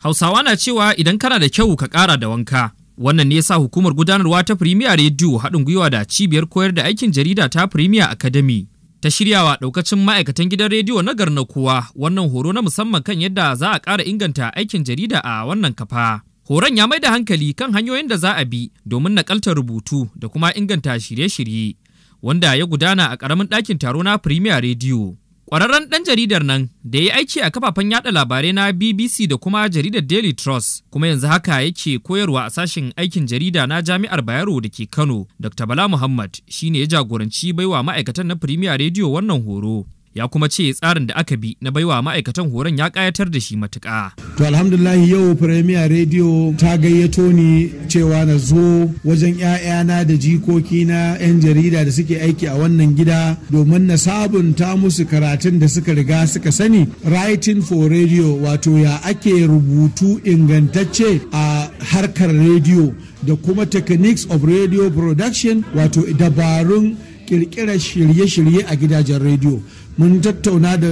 Hausawa na cewa idan kana da kyau ka ƙara da wanka. Wannan ne sa hukumar gudanarwa ta Premier Radio haɗin gwiwa da cibiyar koyar da aikin jarida ta Premier Academy. Ta shiryawa ɗaukacin ma'aikatan gidan rediyo na na kowa wannan horo na musamman kan yadda za a ƙara inganta aikin jarida a wannan kafa. Horon ya mai da hankali kan hanyoyin da za a bi domin naƙaltar rubutu da kuma inganta shirye-shirye, wanda ya gudana a ƙaramin ɗakin taro na Premier Radio. Ƙwararren ɗan jaridar nan da ya yi aiki a kafafen yada labarai na BBC da kuma jaridar Daily Trust kuma yanzu haka yake koyarwa a sashen aikin jarida na Jami'ar Bayero da ke Kano, Dr. Bala Muhammad shine ya jagoranci baiwa ma'aikatan na Premier Radio wannan horo. ya kuma ce tsarin da aka bi na baiwa ma'aikatan horon ya kayatar da shi matuƙa. To alhamdulahi yau Premier Radio ta gayyato ni cewa na zo wajen 'ya'yana da jikoki na 'yan jarida da suke aiki a wannan gida domin na sabunta musu karatun da suka riga suka sani writing for radio wato ya ake rubutu ingantacce a harkar radio da kuma techniques of radio production wato dabarun kirkirar shirye-shirye a gidajen rediyo mun tattauna da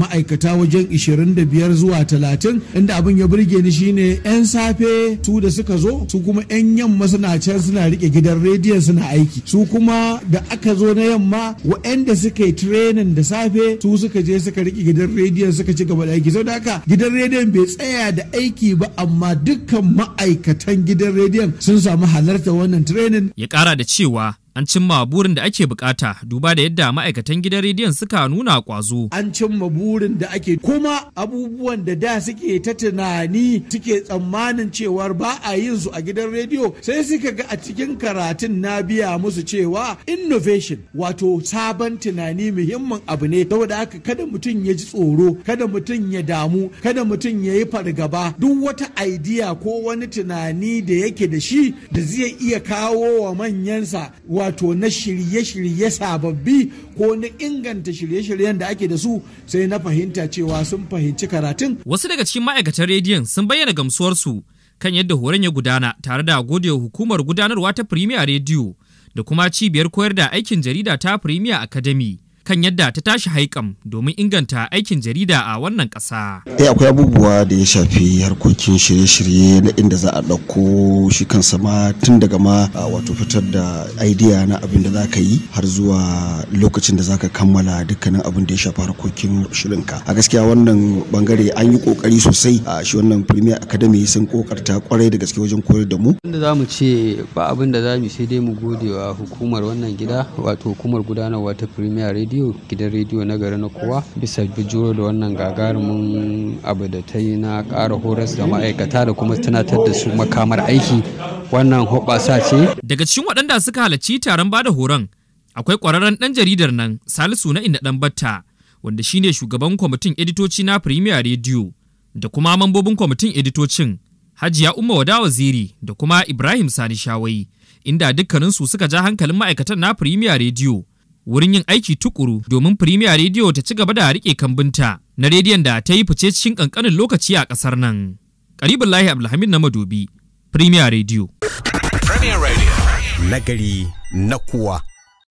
ma'aikata wajen 25 zuwa 30 inda abin ya burge ni shine 'yan safe su da suka zo su kuma 'yan yamma suna can suna rike gidan rediyon suna aiki su kuma da aka zo na yamma wa'anda suka yi training da safe su suka je suka rike gidan rediyon suka ci gaba da aiki da haka gidan rediyon bai tsaya da aiki ba amma dukkan ma'aikatan gidan rediyon sun samu halarta wannan training ya kara da cewa an cimma burin da ake bukata duba da yadda ma'aikatan gidan rediyon suka nuna kwazo. An cimma burin da ake kuma abubuwan da da suke ta tunani suke tsammanin cewar ba a yin su a gidan rediyo sai suka ga a cikin karatun na biya musu cewa innovation wato sabon tunani muhimmin abu ne saboda haka kada mutum ya ji tsoro kada mutum ya damu kada mutum ya yi fargaba duk wata idea ko wani tunani da yake da shi da zai iya kawo wa manyansa wa wato na shirye-shirye sababbi ko na inganta shirye-shiryen da ake da su sai na fahimta cewa sun fahimci karatun. Wasu daga cikin ma'aikatan rediyon sun bayyana gamsuwarsu kan yadda horon ya gudana tare da godewa hukumar gudanarwa ta Premier Radio da kuma cibiyar koyar da aikin jarida ta Premier Academy. kan yadda ta tashi haikam domin inganta aikin jarida a wannan kasa. Eh akwai abubuwa da ya shafi harkokin shirye-shirye na inda za a ɗauko shi kansa ma tun daga ma wato fitar da idea na abin da za ka yi har zuwa lokacin da za ka kammala dukkanin abin da ya shafi harkokin shirinka. A gaskiya wannan bangare an yi kokari sosai a shi wannan Premier Academy sun kokarta kwarai da gaske wajen koyar da mu. Inda za mu ce ba abin da za mu sai dai mu gode wa hukumar wannan gida wato hukumar gudanarwa ta Premier Radio rediyo gidan rediyo na gari na kowa bisa bijiro da wannan gagarumin abu da ta yi na ƙara horas da ma'aikata da kuma tunatar da su makamar aiki wannan hoɓasa ce daga cikin waɗanda suka halarci taron bada horon akwai ƙwararren ɗan jaridar nan salisu na inda ɗan batta wanda shine shugaban kwamitin editoci na premier radio da kuma mambobin kwamitin editocin hajiya umma wada waziri da kuma ibrahim sani shawai inda dukkaninsu suka ja hankalin ma'aikatan na premier radio wurin yin aiki tukuru domin Premier Radio ta ci gaba da rike kambinta na rediyon da ta yi fice cikin kankanin lokaci a kasar nan. Lahi Abdulhamid na Madobi, Premier Radio. Radio. Nagari na kuwa.